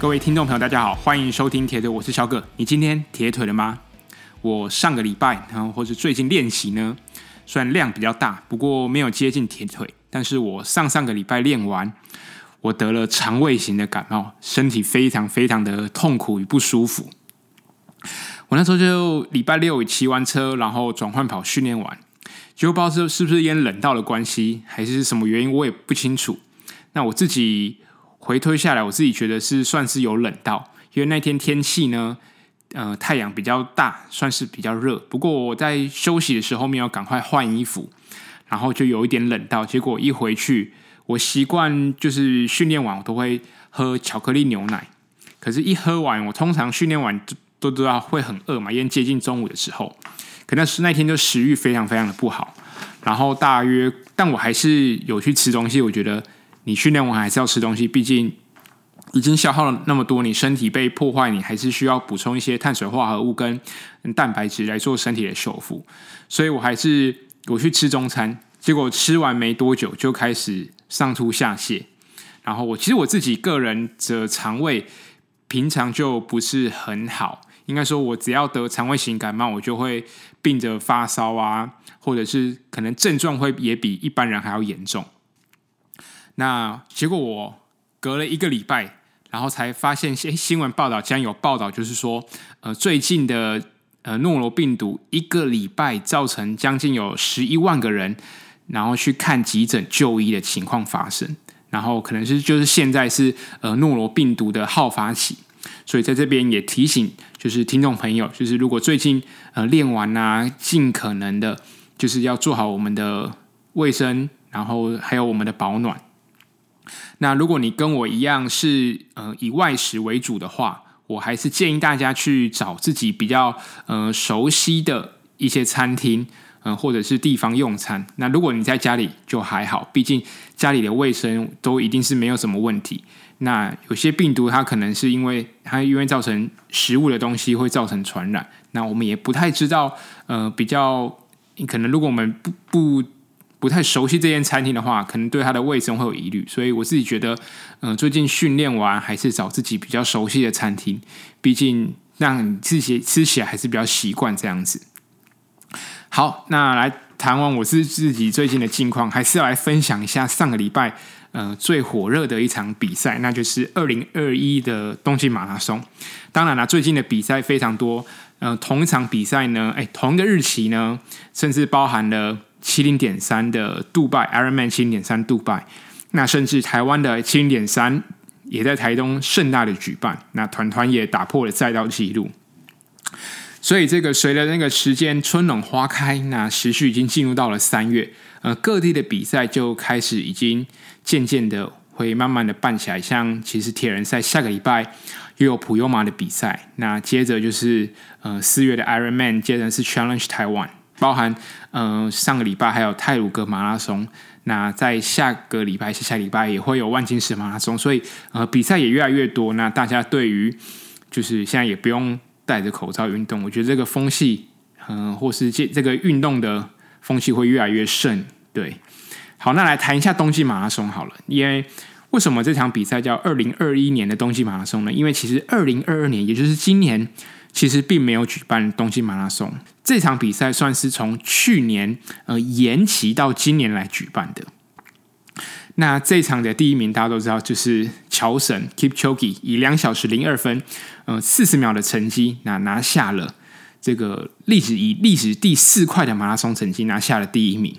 各位聽眾朋友，大家好，歡迎收聽鐵腿，我是小葛。你今天鐵腿了嗎？我上個禮拜，然後或者最近練習呢，雖然量比較大，不過沒有接近鐵腿。但是我上上個禮拜練完，我得了腸胃型的感冒，身體非常非常的痛苦與不舒服。我那時候就禮拜六騎完車，然後轉換跑訓練完，就不知道是是不是因為冷到了關係，還是什麼原因，我也不清楚。那我自己。回推下來，我自己覺得是算是有冷到，因為那天天氣呢，呃，太陽比較大，算是比較熱。不過我在休息的時候，沒有趕快換衣服，然後就有一點冷到。結果一回去，我習慣就是訓練完我都會喝巧克力牛奶，可是一喝完，我通常訓練完都都知道會很餓嘛，因為接近中午的時候，可能是那天就食欲非常非常的不好。然後大約，但我還是有去吃東西，我覺得。你訓練完還是要吃東西，畢竟已經消耗了那麼多，你身體被破壞，你還是需要補充一些碳水化合物跟蛋白質來做身體的修復。所以我還是，我去吃中餐，結果吃完沒多久就開始上吐下瀉。然後我其實我自己個人的腸胃平常就不是很好，應該說我只要得腸胃型感冒，我就會病得發燒啊，或者是可能症狀會也比一般人還要嚴重。那結果我隔了一個禮拜，然後才發現新新聞報道，竟然有報道，就是說，呃，最近的呃諾羅病毒一個禮拜造成將近有十一萬個人，然後去看急診就醫的情況發生，然後可能是就是現在是呃諾羅病毒的好發期，所以在這邊也提醒就是聽眾朋友，就是如果最近呃練完啦、啊，盡可能的就是要做好我們的衛生，然後還有我們的保暖。那如果你跟我一樣是呃以外食為主的話，我還是建議大家去找自己比較呃熟悉的一些餐廳，嗯、呃，或者是地方用餐。那如果你在家裡就還好，畢竟家裡的衛生都一定是沒有什麼問題。那有些病毒它可能是因為它因為造成食物的東西會造成傳染，那我們也不太知道呃比較可能如果我們不不。不太熟悉這間餐廳的話，可能對它的衛生會有疑慮，所以我自己覺得，嗯、呃，最近訓練完還是找自己比較熟悉的餐廳，畢竟讓你自己吃起來還是比較習慣這樣子。好，那來談完我自自己最近的近況，還是要來分享一下上個禮拜，呃，最火熱的一場比賽，那就是二零二一的東京馬拉松。當然了，啊，最近的比賽非常多，嗯、呃，同一場比賽呢，誒，同一個日期呢，甚至包含了。七零點三的杜拜 Ironman 七零點三杜拜，那甚至台灣的七零點三也在台東盛大的舉辦，那團團也打破了賽道紀錄。所以這個隨着那個時間春暖花開，那時序已經進入到了三月，呃，各地的比賽就開始已經漸漸的會慢慢的辦起來。像其實鐵人賽下個禮拜又有普悠瑪的比賽，那接着就是呃四月的 Ironman，接着是 Challenge 台灣。包含，嗯、呃，上個禮拜還有太魯閣馬拉松，那在下個禮拜、下下禮拜也會有萬金石馬拉松，所以呃，比賽也越來越多。那大家對於就是現在也不用戴着口罩運動，我覺得這個風氣，嗯、呃，或是這這個運動的風氣會越來越盛。對，好，那來談一下冬季馬拉松好了，因為為什麼這場比賽叫二零二一年的冬季馬拉松呢？因為其實二零二二年，也就是今年。其實並沒有舉辦東京馬拉松這場比賽，算是從去年呃延期到今年來舉辦的。那這場的第一名大家都知道，就是喬神 Kipchoge 以兩小時零二分呃四十秒的成績，那拿下了這個歷史以歷史第四快的馬拉松成績，拿下了第一名。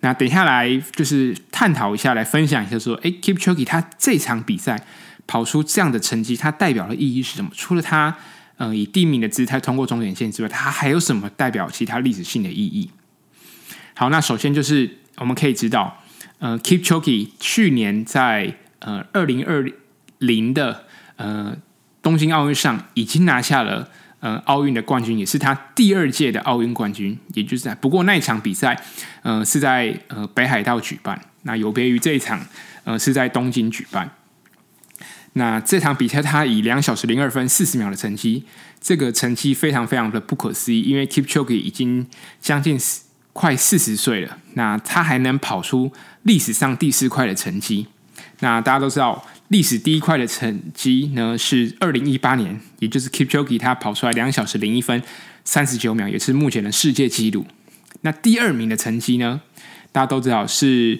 那等下來就是探討一下，來分享一下說，哎，Kipchoge 他這場比賽跑出這樣的成績，它代表的意義是什麼？除了他。嗯、呃，以地名的姿態通過終點線之外，它還有什麼代表其他歷史性的意義？好，那首先就是我們可以知道，呃 Kipchoge 去年在呃二零二零的呃東京奧運上已經拿下了呃奧運的冠軍，也是他第二屆的奧運冠軍，也就是在不過那場比賽呃是在呃北海道舉辦，那有別於這一場呃是在東京舉辦。那這場比賽，他以兩小時零二分四十秒的成績，這個成績非常非常的不可思議，因為 Kipchoge 已經將近快四十歲了，那他還能跑出歷史上第四快的成績。那大家都知道，歷史第一快的成績呢是二零一八年，也就是 Kipchoge 他跑出來兩小時零一分三十九秒，也是目前的世界紀錄。那第二名的成績呢，大家都知道是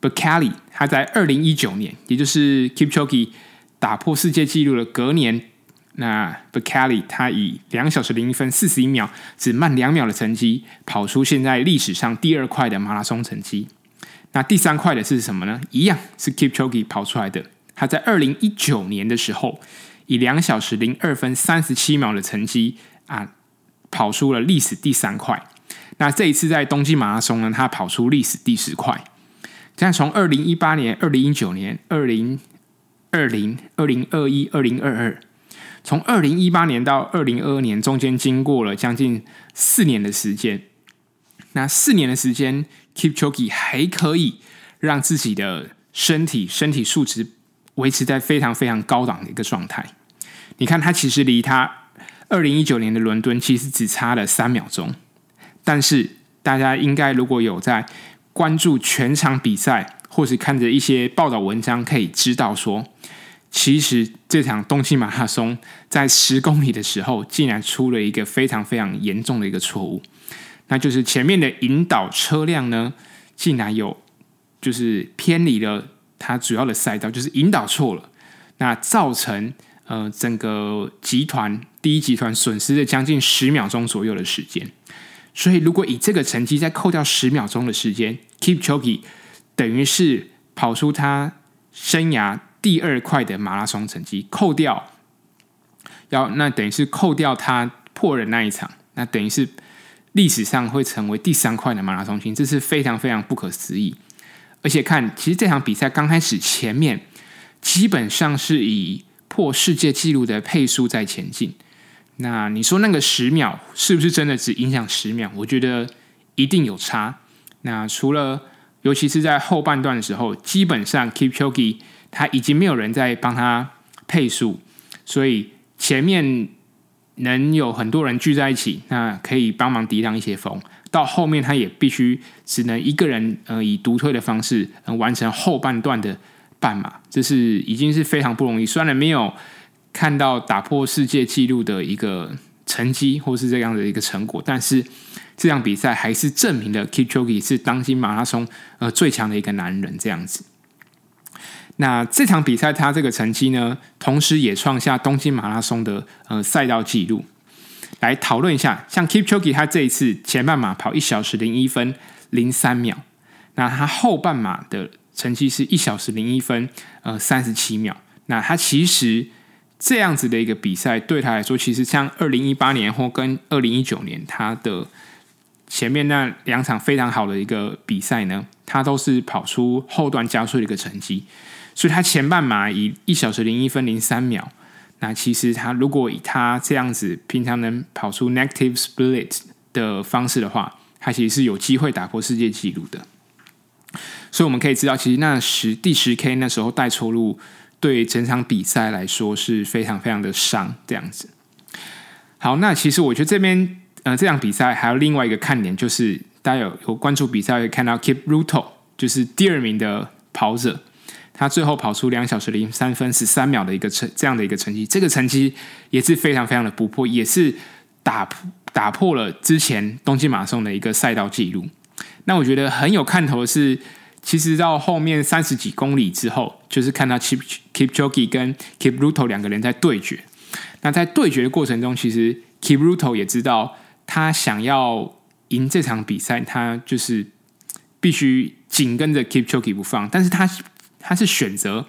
Bekele，他在二零一九年，也就是 Kipchoge 打破世界紀錄的隔年，那 Bekele 他以兩小時零一分四十一秒，只慢兩秒的成績，跑出現在歷史上第二快的馬拉松成績。那第三快的是什麼呢？一樣是 Kipchoge 跑出來的。他在二零一九年的時候，以兩小時零二分三十七秒的成績啊，跑出了歷史第三快。那這一次在東京馬拉松呢，他跑出歷史第十快。這樣從二零一八年、二零一九年、二零。二零二零二一、二零二二，從二零一八年到二零二二年中間，經過了將近四年的時間。那四年的時間，Kipchoge 還可以讓自己的身體身體素質維持在非常非常高檔的一個狀態。你看，他其實離他二零一九年的倫敦，其實只差了三秒鐘。但是，大家應該如果有在關注全場比賽。或是看着一些報道文章，可以知道說，其實這場東京馬拉松在十公里的時候，竟然出了一個非常非常嚴重的一個錯誤，那就是前面的引導車輛呢，竟然有就是偏離了它主要的賽道，就是引導錯了，那造成呃整個集團第一集團損失了將近十秒鐘左右的時間，所以如果以這個成績再扣掉十秒鐘的時間，Kipchoge。等於是跑出他生涯第二快的馬拉松成績，扣掉要，那等於是扣掉他破人那一場，那等於是歷史上會成為第三快的馬拉松新，這是非常非常不可思議。而且看，其實這場比賽剛開始前面基本上是以破世界紀錄的配速在前進。那你說那個十秒是不是真的只影響十秒？我覺得一定有差。那除了。尤其是在後半段的時候，基本上 Kipchoge 他已經沒有人在幫他配速，所以前面能有很多人聚在一起，那可以幫忙抵擋一些風。到後面他也必須只能一個人，嗯、呃，以獨特的方式、呃、完成後半段的半馬，這是已經是非常不容易。雖然沒有看到打破世界紀錄的一個成績或是這樣的一個成果，但是。這場比賽還是證明了 Kipchoge 是當今馬拉松呃最強的一個男人這樣子。那這場比賽他這個成績呢，同時也創下東京馬拉松的呃賽道紀錄。來討論一下，像 Kipchoge 他這一次前半馬跑一小時零一分零三秒，那他後半馬的成績是一小時零一分呃三十七秒。那他其實這樣子的一個比賽對他來說，其實像二零一八年或跟二零一九年他的。前面那兩場非常好的一個比賽呢，他都是跑出後段加速的一個成績，所以他前半馬以一小時零一分零三秒。那其實他如果以他這樣子平常能跑出 negative split 的方式的話，他其實是有機會打破世界紀錄的。所以我們可以知道，其實那十第十 K 那時候帶錯路，對整場比賽來說是非常非常的傷這樣子。好，那其實我覺得這邊。那、呃、這場比賽還有另外一個看點，就是大家有有關注比賽會看到 Kipruto，就是第二名的跑者，他最後跑出兩小時零三分十三秒的一個成這樣的一個成績，這個成績也是非常非常的不破，也是打破打破了之前東京馬拉松的一個賽道記錄。那我覺得很有看頭的是，其實到後面三十幾公里之後，就是看到 Kip Kipchoge 跟 Kipruto 兩個人在對決。那在對決的過程中，其實 Kipruto 也知道。他想要贏這場比賽，他就是必須緊跟着 Kipchoge 不放。但是他他是選擇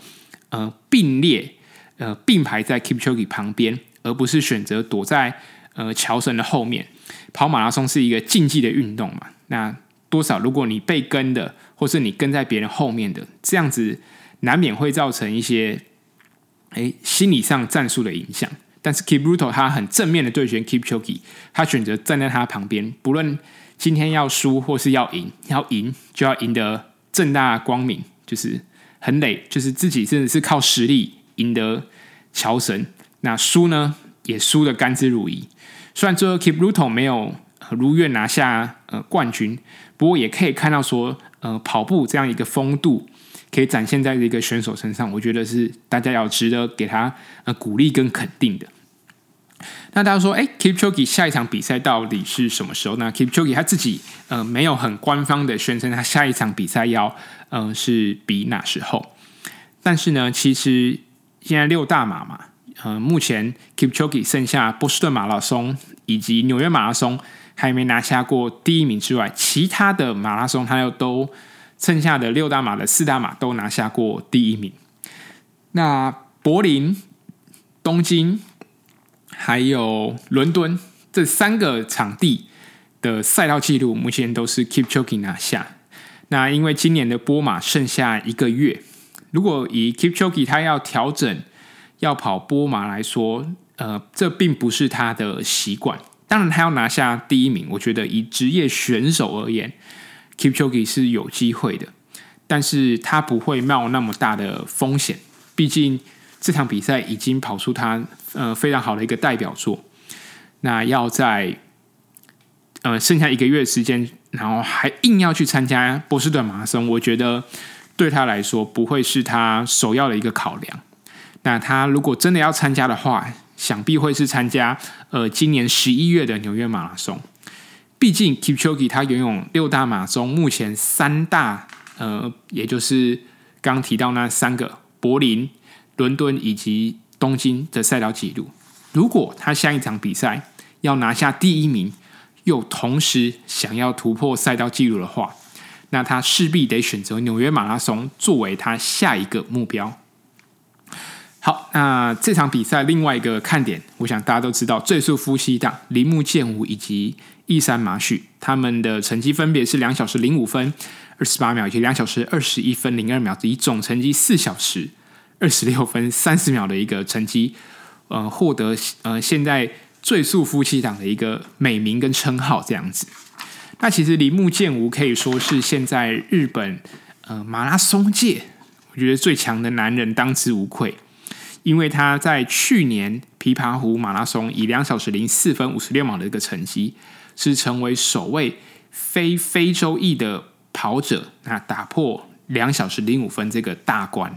呃並列呃並排在 Kipchoge 旁邊，而不是選擇躲在呃喬神的後面。跑馬拉松是一個競技的運動嘛，那多少如果你被跟的，或是你跟在別人後面的，這樣子難免會造成一些哎心理上戰術的影響。但是 Kipruto 他很正面的對決 Kipchoge，他選擇站在他旁邊，不論今天要輸或是要贏，要贏就要贏得正大光明，就是很累，就是自己真的是靠實力贏得喬神。那輸呢，也輸的甘之如飴。雖然最後 Kipruto 沒有如願拿下呃冠軍，不過也可以看到說，呃，跑步這樣一個風度可以展現在這個選手身上，我覺得是大家要值得給他呃鼓勵跟肯定的。那大家說，哎 Kipchoge 下一場比賽到底是什麼時候呢？那 Kipchoge 他自己，嗯、呃，沒有很官方的宣稱他下一場比賽要，嗯、呃，是比哪時候。但是呢，其實現在六大馬嘛，嗯、呃，目前 Kipchoge 剩下波士頓馬拉松以及紐約馬拉松還沒拿下過第一名之外，其他的馬拉松還有都剩下的六大馬的四大馬都拿下過第一名。那柏林、東京。還有倫敦這三個場地的賽道紀錄，目前都是 Kipchoge 拿下。那因為今年的波馬剩下一個月，如果以 Kipchoge 他要調整要跑波馬來說，呃，這並不是他的習慣。當然，他要拿下第一名，我覺得以職業選手而言，Kipchoge 是有機會的，但是他不會冒那麼大的風險，畢竟。這場比賽已經跑出他呃非常好的一個代表作，那要在呃剩下一個月的時間，然後還硬要去參加波士頓馬拉松，我覺得對他來說不會是他首要的一個考量。那他如果真的要參加的話，想必會是參加呃今年十一月的紐約馬拉松。畢竟 Kipchoge 他擁有六大馬拉松，目前三大呃，也就是剛剛提到那三個柏林、倫敦以及東京的賽道記錄，如果他下一場比賽要拿下第一名，又同時想要突破賽道記錄的話，那他勢必得選擇紐約馬拉松作為他下一個目標。好，那這場比賽另外一個看點，我想大家都知道，最速夫妻檔鈴木健吾以及一山麻緒，他們的成績分別是兩小時零五分二十八秒以及兩小時二十一分零二秒，以總成績四小時二十六分三十秒的一個成績，呃，獲得呃現在“最速夫妻檔”的一個美名跟稱號，這樣子。那其實鈴木健吾可以說是現在日本，呃，馬拉松界，我覺得最強的男人當之無愧，因為他在去年琵琶湖馬拉松以兩小時零四分五十六秒的一個成績，是成為首位非非洲裔的跑者，那打破兩小時零五分這個大關。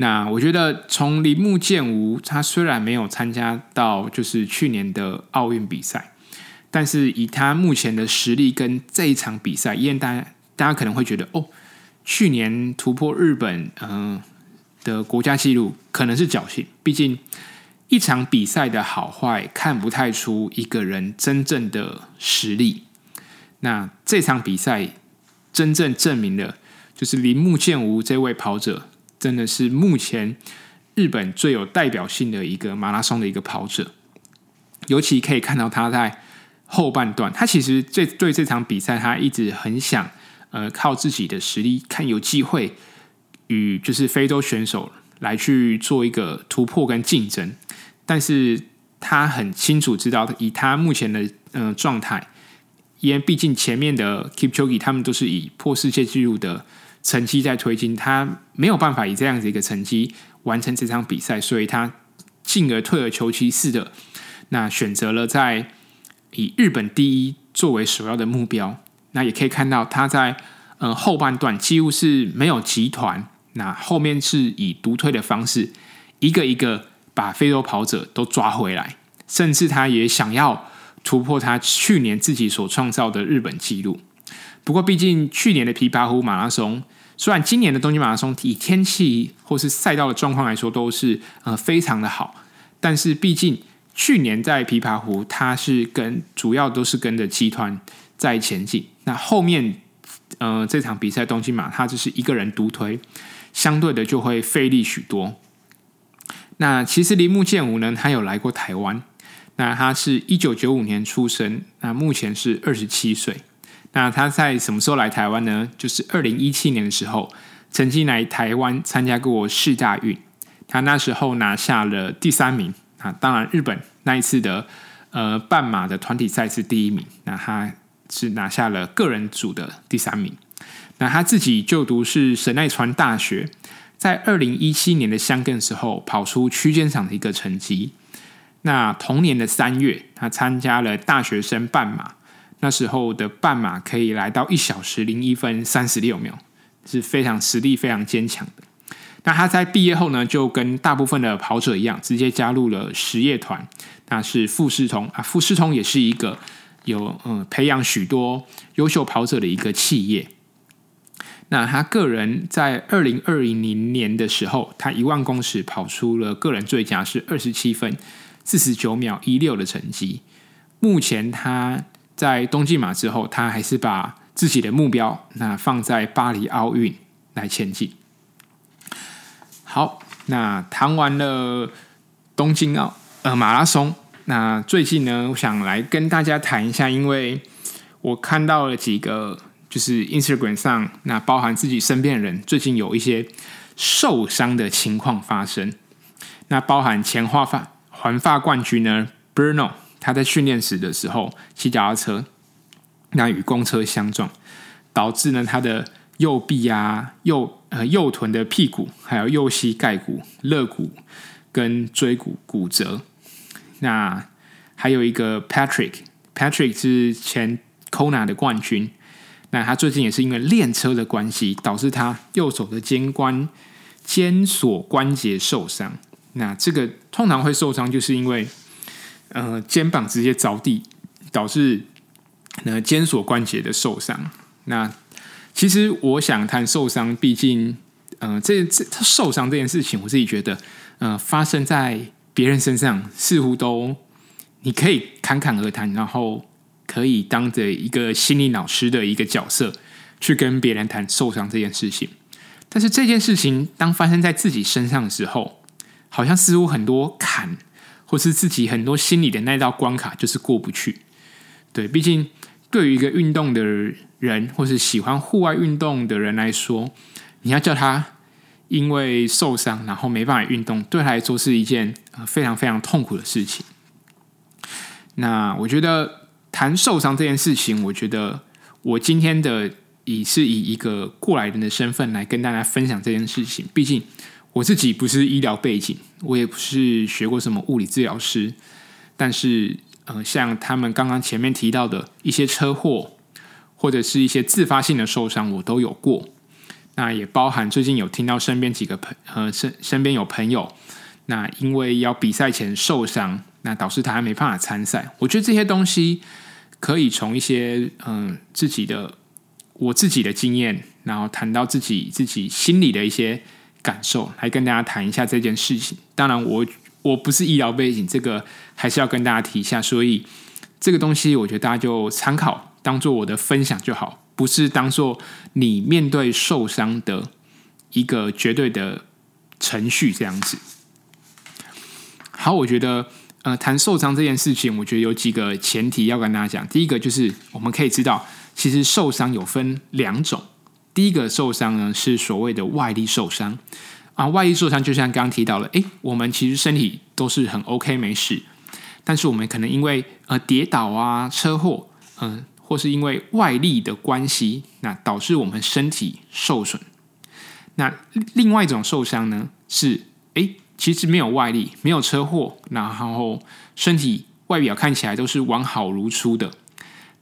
那我覺得，從鈴木健吾，他雖然沒有參加到就是去年的奧運比賽，但是以他目前的實力跟這一場比賽，因為大家大家可能會覺得，哦，去年突破日本嗯、呃、的國家紀錄可能是僥倖，畢竟一場比賽的好壞看不太出一個人真正的實力。那這場比賽真正證明了，就是鈴木健吾這位跑者。真的是目前日本最有代表性的一個馬拉松的一個跑者，尤其可以看到他在後半段，他其實這對這場比賽，他一直很想呃靠自己的實力，看有機會與就是非洲選手來去做一個突破跟競爭，但是他很清楚知道，以他目前的嗯、呃、狀態，因為畢竟前面的 Kipchoge 他們都是以破世界紀錄的。成績在推進，他沒有辦法以這樣子一個成績完成這場比賽，所以他進而退而求其次的，那選擇了在以日本第一作為首要的目標。那也可以看到他在嗯、呃、後半段幾乎是沒有集團，那後面是以獨推的方式一個一個把非洲跑者都抓回來，甚至他也想要突破他去年自己所創造的日本紀錄。不過畢竟去年的琵琶湖馬拉松。雖然今年的東京馬拉松以天氣或是賽道的狀況來說都是呃非常的好，但是畢竟去年在琵琶湖，他是跟主要都是跟着集團在前進，那後面呃這場比賽東京馬他就是一個人獨推，相對的就會費力許多。那其實鈴木健吾呢，他有來過台灣，那他是一九九五年出生，那目前是二十七歲。那他在什麼時候來台灣呢？就是二零一七年的時候，曾經來台灣參加過世大運，他那時候拿下了第三名啊。當然，日本那一次的呃半馬的團體賽是第一名，那他是拿下了個人組的第三名。那他自己就讀是神奈川大學，在二零一七年的箱根時候跑出區間賞的一個成績。那同年的三月，他參加了大學生半馬。那時候的半馬可以來到一小時零一分三十六秒，是非常實力非常堅強的。那他在畢業後呢，就跟大部分的跑者一樣，直接加入了實業團。那是富士通啊，富士通也是一個有嗯培養許多優秀跑者的一個企業。那他個人在二零二零年的時候，他一萬公尺跑出了個人最佳是二十七分四十九秒一六的成績。目前他。在東京馬之後，他還是把自己的目標那放在巴黎奧運來前進。好，那談完了東京奧呃馬拉松，那最近呢，我想來跟大家談一下，因為我看到了幾個就是 Instagram 上那包含自己身邊的人最近有一些受傷的情況發生，那包含前環法環法冠軍呢 Bruno。他在訓練時的時候騎腳踏車，那與公車相撞，導致呢他的右臂啊、右呃右臀的屁股，還有右膝蓋骨、肋骨跟椎骨骨折。那還有一個 Patrick，Patrick 是前 Kona 的冠軍，那他最近也是因為練車的關係，導致他右手的肩關肩鎖關節受傷。那這個通常會受傷，就是因為。呃，肩膀直接着地，導致那、呃、肩鎖關節的受傷。那其實我想談受傷，畢竟，嗯、呃，這這他受傷這件事情，我自己覺得，嗯、呃，發生在別人身上，似乎都你可以侃侃而談，然後可以當着一個心理老師的一個角色去跟別人談受傷這件事情。但是這件事情當發生在自己身上的時候，好像似乎很多坎。或是自己很多心裡的那道關卡就是過不去，對，畢竟對於一個運動的人，或是喜歡戶外運動的人來說，你要叫他因為受傷然後沒辦法運動，對他來說是一件非常非常痛苦的事情。那我覺得談受傷這件事情，我覺得我今天的也是以一個過來人的身份來跟大家分享這件事情，畢竟。我自己不是醫療背景，我也不是學過什麼物理治療師，但是，呃，像他們剛剛前面提到的一些車禍或者是一些自發性的受傷，我都有過。那也包含最近有聽到身邊幾個朋，呃，身身邊有朋友，那因為要比賽前受傷，那導致他還沒辦法參賽。我覺得這些東西可以從一些，嗯、呃，自己的我自己的經驗，然後談到自己自己心裡的一些。感受來跟大家談一下這件事情。當然我，我我不是醫療背景，這個還是要跟大家提一下。所以，這個東西我覺得大家就參考，當做我的分享就好，不是當做你面對受傷的一個絕對的程序這樣子。好，我覺得，呃，談受傷這件事情，我覺得有幾個前提要跟大家講。第一個就是我們可以知道，其實受傷有分兩種。第一個受傷呢是所謂的外力受傷啊，外力受傷就像剛剛提到了，誒、欸，我們其實身體都是很 OK 沒事，但是我們可能因為呃跌倒啊、車禍，嗯、呃，或是因為外力的關係，那導致我們身體受損。那另外一種受傷呢是，誒、欸，其實沒有外力、沒有車禍，然後身體外表看起來都是完好如初的，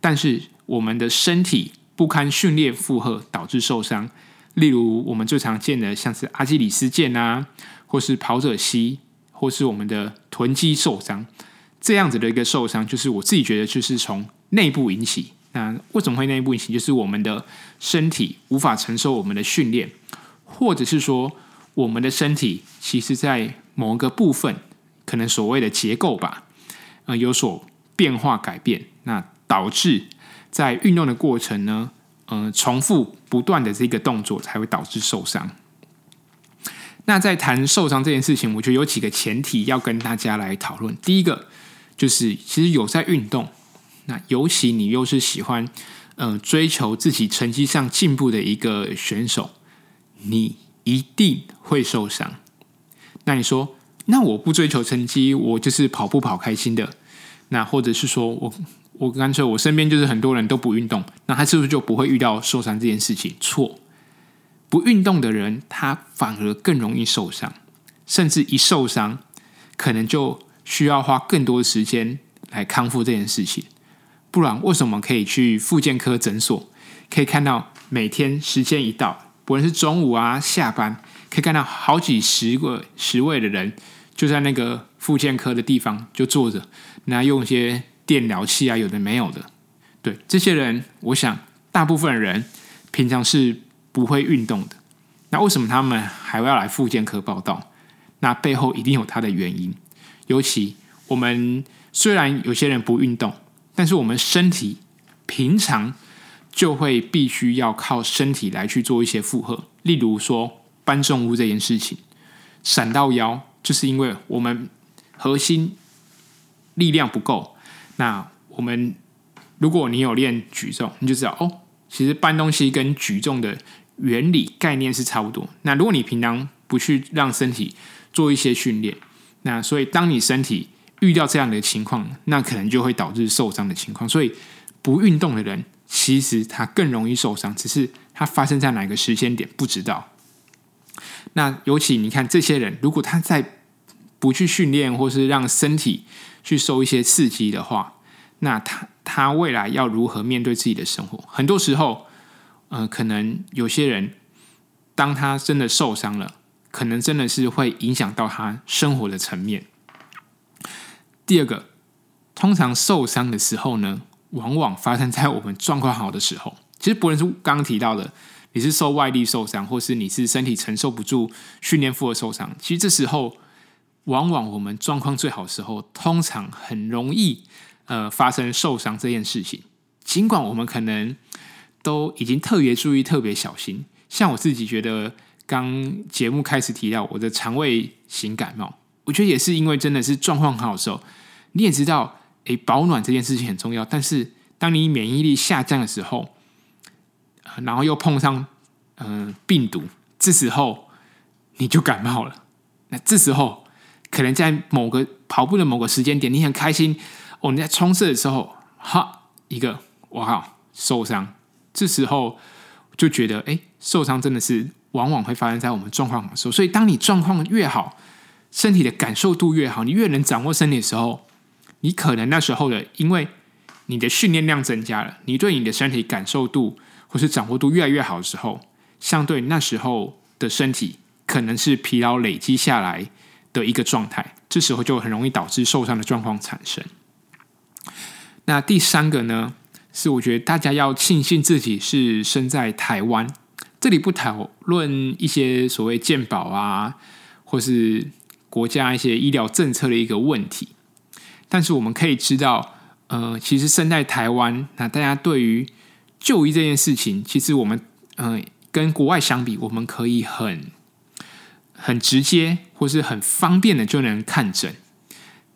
但是我們的身體，不堪訓練負荷，導致受傷，例如我們最常見的像是阿基里斯腱啊，或是跑者膝，或是我們的臀肌受傷，這樣子的一個受傷，就是我自己覺得就是從內部引起。那為什麼會內部引起？就是我們的身體無法承受我們的訓練，或者是說我們的身體其實在某一個部分可能所謂的結構吧，呃有所變化改變，那導致。在運動的過程呢，嗯、呃，重複不斷的這個動作才會導致受傷。那在談受傷這件事情，我覺得有幾個前提要跟大家來討論。第一個就是，其實有在運動，那尤其你又是喜歡，嗯、呃，追求自己成績上進步的一個選手，你一定會受傷。那你說，那我不追求成績，我就是跑步跑開心的，那或者是說我。我乾脆，我身邊就是很多人都不運動，那他是不是就不會遇到受傷這件事情？錯，不運動的人，他反而更容易受傷，甚至一受傷，可能就需要花更多的時間來康復這件事情。不然，為什麼可以去復健科診所，可以看到每天時間一到，不論是中午啊、下班，可以看到好幾十個十位的人就在那個復健科的地方就坐着，那用一些。電療器啊，有的沒有的，對這些人，我想大部分人平常是不會運動的。那為什麼他們還要來復健科報到？那背後一定有他的原因。尤其我們雖然有些人不運動，但是我們身體平常就會必須要靠身體來去做一些負荷，例如說搬重物這件事情，閃到腰，就是因為我們核心力量不夠。那我們，如果你有練舉重，你就知道哦，其實搬東西跟舉重的原理概念是差不多。那如果你平常不去讓身體做一些訓練，那所以當你身體遇到這樣的情況，那可能就會導致受傷的情況。所以不運動的人，其實他更容易受傷，只是他發生在哪個時間點不知道。那尤其你看這些人，如果他再不去訓練，或是讓身體。去受一些刺激的話，那他他未來要如何面對自己的生活？很多時候，嗯、呃，可能有些人，當他真的受傷了，可能真的是會影響到他生活的層面。第二個，通常受傷的時候呢，往往發生在我們狀況好的時候。其實，不論是剛剛提到的，你是受外力受傷，或是你是身體承受不住訓練負荷受傷，其實這時候。往往我們狀況最好的時候，通常很容易呃發生受傷這件事情。儘管我們可能都已經特別注意、特別小心，像我自己覺得，剛節目開始提到我的腸胃型感冒，我覺得也是因為真的是狀況很好的時候，你也知道，哎，保暖這件事情很重要。但是當你免疫力下降的時候，呃、然後又碰上嗯、呃、病毒，這時候你就感冒了。那這時候。可能在某個跑步的某個時間點，你很開心哦，你在衝刺的時候，哈，一個哇受傷，這時候就覺得哎，受傷真的是往往會發生在我們狀況好，所以，當你狀況越好，身體的感受度越好，你越能掌握身體的時候，你可能那時候的，因為你的訓練量增加了，你對你的身體感受度或是掌握度越來越好的時候，相對那時候的身體可能是疲勞累積下來。的一個狀態，這時候就很容易導致受傷的狀況產生。那第三個呢，是我覺得大家要慶幸自己是身在臺灣。這裡不討論一些所謂健保啊，或是國家一些醫療政策的一個問題。但是我們可以知道，呃，其實身在臺灣，那、呃、大家對於就醫這件事情，其實我們，嗯、呃，跟國外相比，我們可以很。很直接，或是很方便的就能看診。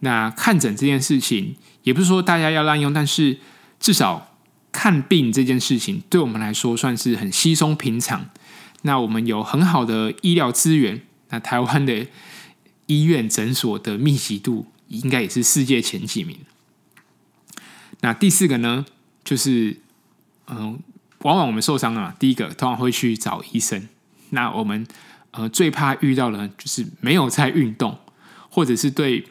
那看診這件事情，也不是說大家要濫用，但是至少看病這件事情，對我們來說算是很稀鬆平常。那我們有很好的醫療資源，那台灣的醫院診所的密集度，應該也是世界前幾名。那第四個呢，就是嗯、呃，往往我們受傷啊，第一個通常會去找醫生。那我們。呃，最怕遇到的就是沒有在運動，或者是對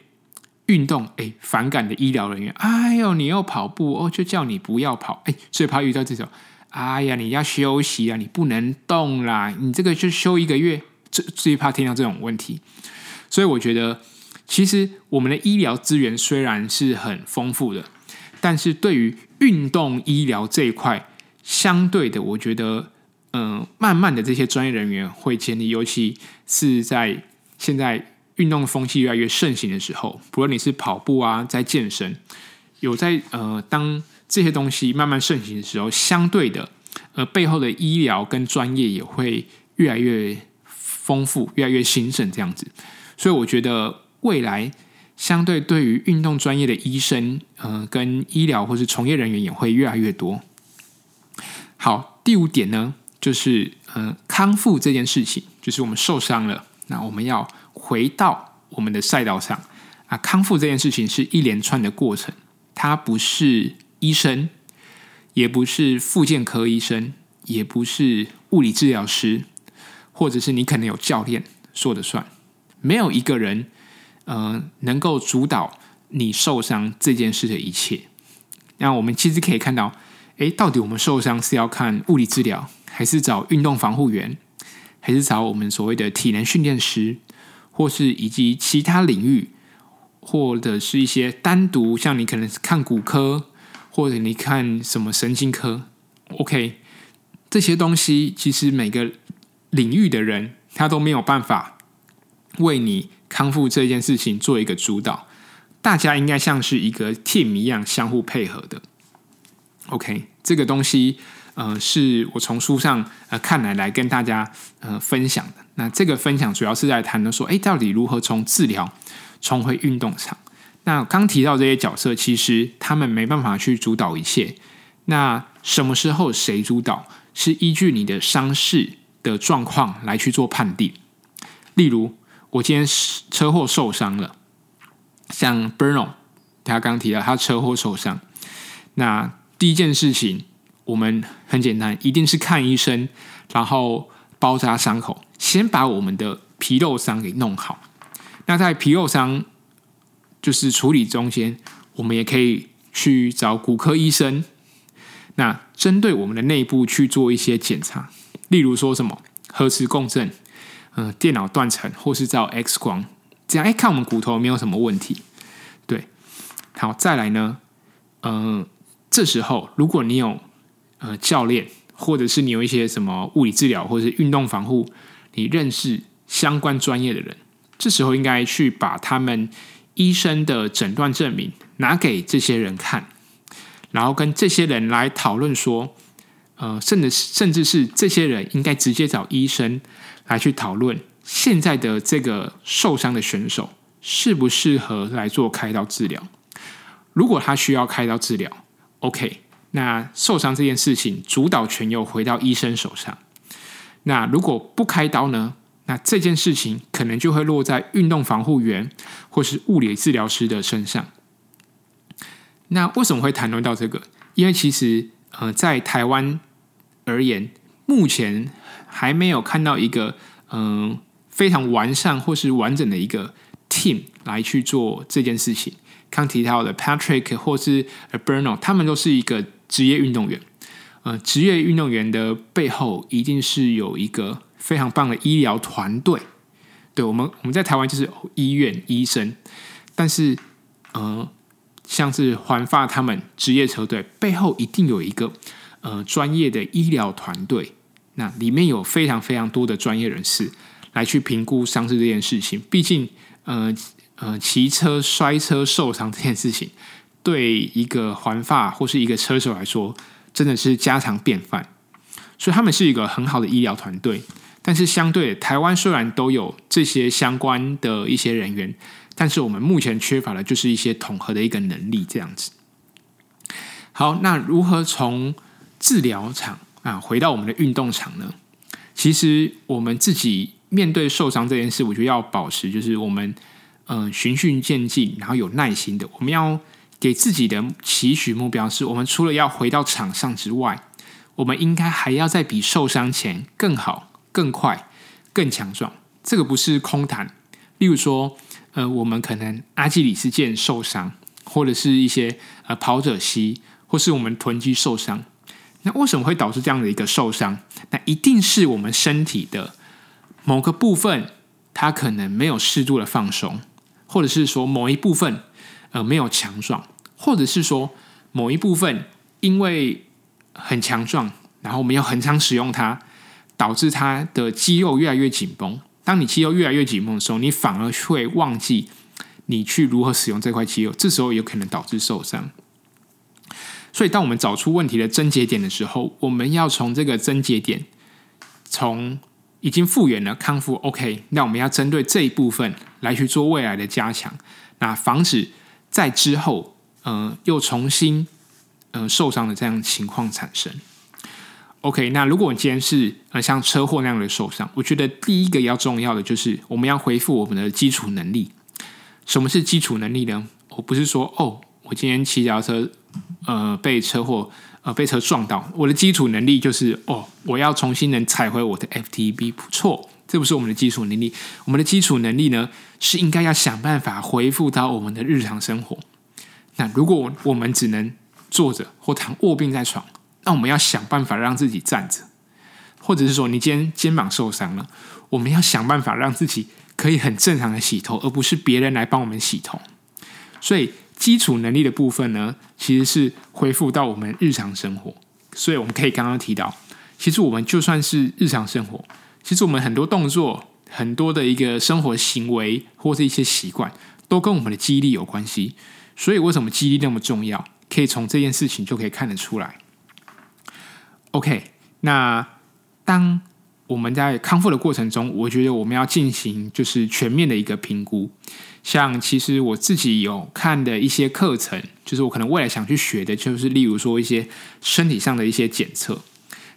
運動哎反感的醫療人員。哎呦，你要跑步哦，就叫你不要跑。哎，最怕遇到這種。哎呀，你要休息啊，你不能動啦，你這個就休一個月。最最怕聽到這種問題。所以我覺得，其實我們的醫療資源雖然是很豐富的，但是對於運動醫療這一塊，相對的，我覺得。嗯、呃，慢慢的，這些專業人員會建立，尤其是在現在運動的風氣越來越盛行的時候。不論你是跑步啊，在健身，有在呃，當這些東西慢慢盛行的時候，相對的，呃，背後的醫療跟專業也會越來越豐富，越來越興盛這樣子。所以，我覺得未來相對對於運動專業的醫生，嗯、呃，跟醫療或是從業人員也會越來越多。好，第五點呢？就是呃，康復這件事情，就是我們受傷了，那我們要回到我們的賽道上啊。康復這件事情是一連串的過程，它不是醫生，也不是復健科醫生，也不是物理治療師，或者是你可能有教練說的算，沒有一個人呃能夠主導你受傷這件事的一切。那我們其實可以看到，哎，到底我們受傷是要看物理治療？還是找運動防護員，還是找我們所謂的體能訓練師，或是以及其他領域，或者是一些單獨，像你可能看骨科，或者你看什麼神經科，OK，這些東西其實每個領域的人他都沒有辦法為你康復這件事情做一個主導，大家應該像是一個 team 一樣相互配合的，OK，這個東西。呃，是我從書上呃看來，來跟大家呃分享的。那這個分享主要是在談的說，哎，到底如何從治療重回運動場？那剛提到這些角色，其實他們沒辦法去主導一切。那什麼時候誰主導，是依據你的傷勢的狀況來去做判定。例如，我今天車禍受傷了，像 Burno 他剛提到他車禍受傷，那第一件事情。我們很簡單，一定是看醫生，然後包紮傷口，先把我們的皮肉傷給弄好。那在皮肉傷就是處理中間，我們也可以去找骨科醫生。那針對我們的內部去做一些檢查，例如說什麼核磁共振、嗯、呃、電腦斷層或是照 X 光，這樣哎，看我們骨頭沒有什麼問題。對，好，再來呢，嗯、呃，這時候如果你有呃，教練，或者是你有一些什麼物理治療，或者是運動防護，你認識相關專業的人，這時候應該去把他們醫生的診斷證明拿給這些人看，然後跟這些人來討論說，呃，甚至甚至是這些人應該直接找醫生來去討論現在的這個受傷的選手適不適合來做開刀治療，如果他需要開刀治療，OK。那受傷這件事情主導權又回到醫生手上。那如果不開刀呢？那這件事情可能就會落在運動防護員或是物理治療師的身上。那為什麼會談論到這個？因為其實，呃，在台灣而言，目前還沒有看到一個嗯，呃，非常完善或是完整的一個 team 來去做這件事情。剛提到的 Patrick 或是 Abner，他們都是一個。職業運動員，呃，職業運動員的背後一定是有一個非常棒的醫療團隊。對我們，我們在台灣就是醫院醫生，但是，呃，像是環法他們職業車隊背後一定有一個呃專業的醫療團隊，那裡面有非常非常多的專業人士來去評估傷勢這件事情。畢竟，呃呃，騎車摔車受傷這件事情。對一個環法或是一個車手來說，真的是家常便飯，所以他們是一個很好的醫療團隊。但是相對台灣，雖然都有這些相關的一些人員，但是我們目前缺乏的就是一些統合的一個能力。這樣子，好，那如何從治療場啊回到我們的運動場呢？其實我們自己面對受傷這件事，我覺得要保持就是我們嗯、呃、循序漸進，然後有耐心的，我們要。給自己的期許目標是：我們除了要回到場上之外，我們應該還要在比受傷前更好、更快、更強壯。這個不是空談。例如說，呃，我們可能阿基里斯腱受傷，或者是一些呃跑者膝，或是我們臀肌受傷。那為什麼會導致這樣的一個受傷？那一定是我們身體的某個部分，它可能沒有適度的放鬆，或者是說某一部分。呃，而沒有強壯，或者是說某一部分因為很強壯，然後我們要很常使用它，導致它的肌肉越來越緊繃。當你肌肉越來越緊繃的時候，你反而會忘記你去如何使用這塊肌肉，這時候有可能導致受傷。所以，當我們找出問題的症結點的時候，我們要從這個症結點，從已經復原了康復，OK，那我們要針對這一部分來去做未來的加強，那防止。在之後，嗯、呃，又重新嗯、呃、受傷的這樣的情況產生。OK，那如果我今天是呃像車禍那樣的受傷，我覺得第一個要重要的就是我們要恢復我們的基礎能力。什麼是基礎能力呢？我不是說哦，我今天騎腳車，呃，被車禍，呃，被車撞到，我的基礎能力就是哦，我要重新能踩回我的 FTB，不錯，這不是我們的基礎能力。我們的基礎能力呢？是應該要想辦法恢復到我們的日常生活。那如果我們只能坐着或躺臥病在床，那我們要想辦法讓自己站着，或者是說你肩肩膀受傷了，我們要想辦法讓自己可以很正常的洗頭，而不是別人來幫我們洗頭。所以基礎能力的部分呢，其實是恢復到我們日常生活。所以我們可以剛剛提到，其實我們就算是日常生活，其實我們很多動作。很多的一個生活行為或是一些習慣都跟我們的記憶力有關係，所以為什麼記憶力那麼重要？可以從這件事情就可以看得出來。OK，那當我們在康復的過程中，我覺得我們要進行就是全面的一個評估。像其實我自己有看的一些課程，就是我可能未來想去學的，就是例如說一些身體上的一些檢測，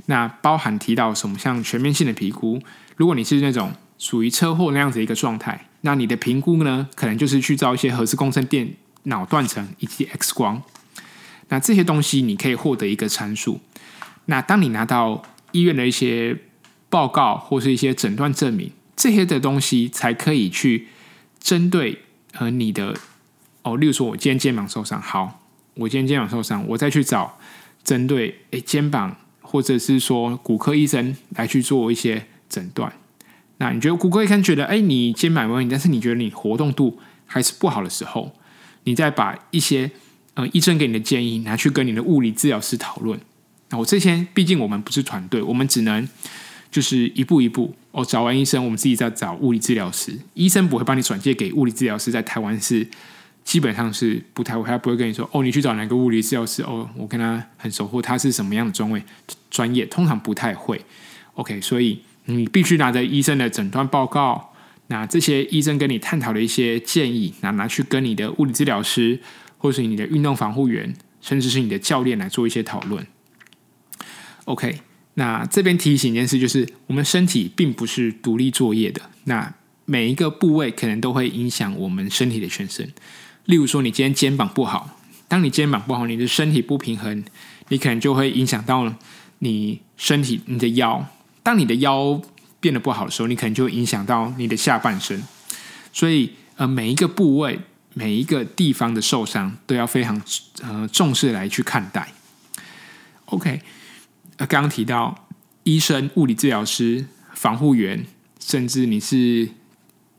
那包含提到什麼像全面性的評估，如果你是那種。屬於車禍那樣子的一個狀態，那你的評估呢，可能就是去照一些核磁共振、電腦斷層以及 X 光，那這些東西你可以獲得一個參數。那當你拿到醫院的一些報告或是一些診斷證明這些的東西，才可以去針對和你的哦，例如說，我今天肩膀受傷，好，我今天肩膀受傷，我再去找針對誒、欸、肩膀或者是說骨科醫生來去做一些診斷。那你覺得骨科醫生看覺得，哎，你肩膀沒問題，但是你覺得你活動度還是不好的時候，你再把一些呃醫生給你的建議拿去跟你的物理治療師討論。那我這些畢竟我們不是團隊，我們只能就是一步一步哦，找完醫生，我們自己再找物理治療師。醫生不會幫你轉介給物理治療師，在台灣是基本上是不太會，他不會跟你說哦，你去找哪個物理治療師哦，我跟他很熟或他是什麼樣的專位專業，通常不太會。OK，所以。你必須拿着醫生的診斷報告，那這些醫生跟你探討的一些建議，那拿去跟你的物理治療師，或是你的運動防護員，甚至是你的教練來做一些討論。OK，那這邊提醒一件事，就是我們身體並不是獨立作業的，那每一個部位可能都會影響我們身體的全身。例如說，你今天肩膀不好，當你肩膀不好，你的身體不平衡，你可能就會影響到你身體，你的腰。當你的腰變得不好的時候，你可能就會影響到你的下半身，所以呃，每一個部位、每一個地方的受傷都要非常呃重視來去看待。OK，剛剛提到醫生、物理治療師、防護員，甚至你是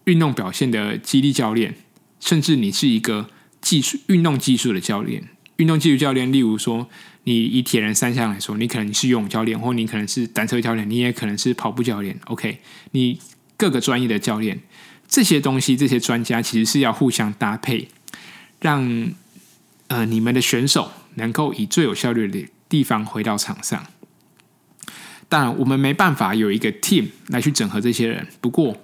運動表現的肌力教練，甚至你是一個技術運動技術的教練，運動技術教練，例如說。你以鐵人三項來說，你可能是游泳教練，或你可能是單車教練，你也可能是跑步教練。OK，你各個專業的教練，這些東西，這些專家其實是要互相搭配，讓呃你們的選手能夠以最有效率的地方回到場上。當然，我們沒辦法有一個 team 來去整合這些人。不過，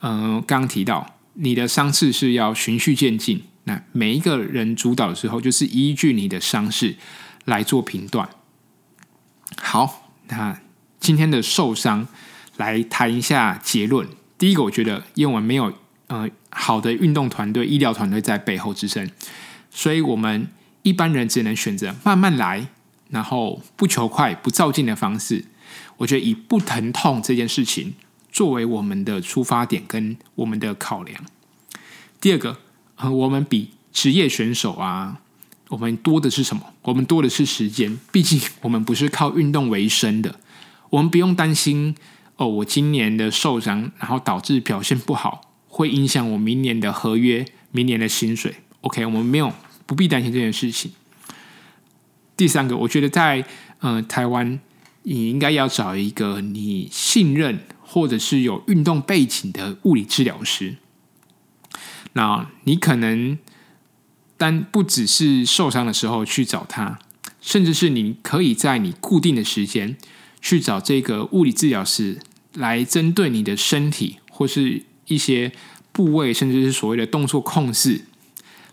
呃，剛提到你的傷勢是要循序漸進，那每一個人主導的時候，就是依據你的傷勢來做評斷。好，那今天的受傷，來談一下結論。第一個，我覺得因為我們沒有呃好的運動團隊、醫療團隊在背後支撐，所以我們一般人只能選擇慢慢來，然後不求快、不躁進的方式。我覺得以不疼痛這件事情作為我們的出發點跟我們的考量。第二個，呃、我們比職業選手啊。我們多的是什麼？我們多的是時間。畢竟我們不是靠運動為生的，我們不用擔心哦。我今年的受傷，然後導致表現不好，會影響我明年的合約、明年的薪水。OK，我們沒有，不必擔心這件事情。第三個，我覺得在嗯，呃，台灣，你應該要找一個你信任，或者是有運動背景的物理治療師。那你可能。但不只是受傷的時候去找他，甚至是你可以在你固定的時間去找這個物理治療師，來針對你的身體或是一些部位，甚至是所謂的動作控制，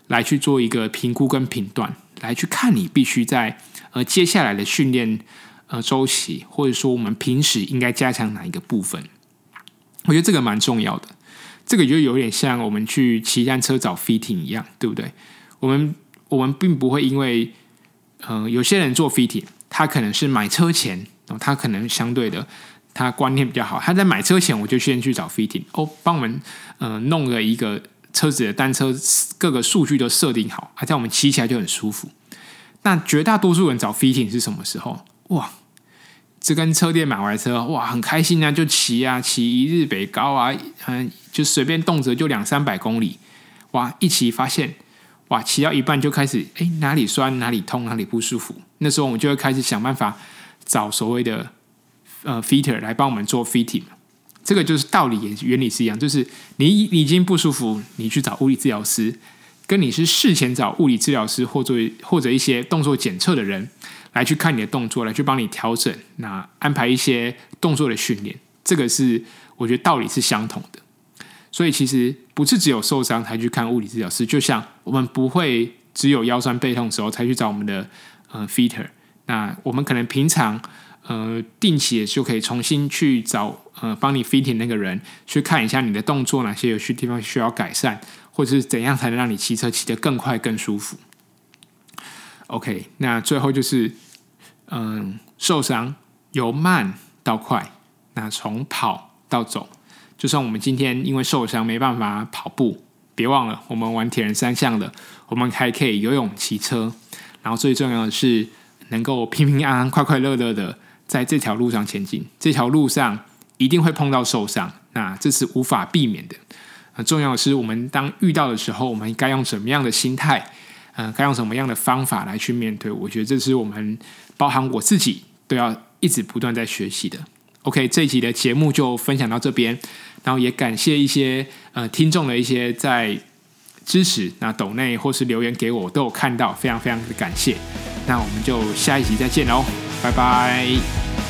來去做一個評估跟評斷，來去看你必須在呃接下來的訓練呃週期，或者說我們平時應該加強哪一個部分，我覺得這個蠻重要的。這個就有點像我們去騎單車找 fitting 一樣，對不對？我們我們並不會因為，嗯、呃，有些人做 fitting，他可能是買車前，哦，他可能相對的，他觀念比較好，他在買車前我就先去找 fitting，哦，幫我們嗯、呃，弄了一個車子的單車，各個數據都設定好，而，啊、且我們騎起來就很舒服。那絕大多數人找 fitting 是什麼時候？哇，這跟車店買完車，哇，很開心啊，就騎啊騎一日北高啊，嗯，就隨便動輒就兩三百公里，哇，一騎發現。哇！騎到一半就開始，哎、欸，哪裡酸，哪裡痛，哪裡不舒服？那時候我們就會開始想辦法找所謂的呃 fitter 來幫我們做 fitting。這個就是道理原理是一樣，就是你，你已經不舒服，你去找物理治療師，跟你是事前找物理治療師或做或者一些動作檢測的人來去看你的動作，來去幫你調整，那安排一些動作的訓練。這個是我覺得道理是相同的。所以其實不是只有受傷才去看物理治療師，是就像我們不會只有腰酸背痛時候才去找我們的呃 feeder。那我們可能平常呃定期也就可以重新去找呃幫你 fitting 那個人，去看一下你的動作哪些有些地方需要改善，或者是怎樣才能讓你騎車騎得更快更舒服。OK，那最後就是嗯、呃、受傷由慢到快，那從跑到走。就算我們今天因為受傷沒辦法跑步，別忘了我們玩鐵人三項的，我們還可以游泳、騎車。然後最重要的是能夠平平安安、快快樂樂的在這條路上前進。這條路上一定會碰到受傷，那這是無法避免的。很重要的是，我們當遇到的時候，我們該用什麼樣的心態？嗯、呃，該用什麼樣的方法來去面對？我覺得這是我們包含我自己都要一直不斷在學習的。OK，這一集的節目就分享到這邊。然後也感謝一些呃聽眾的一些在支持，那鬥內或是留言給我，我都有看到，非常非常的感謝。那我們就下一集再見嘍，拜拜。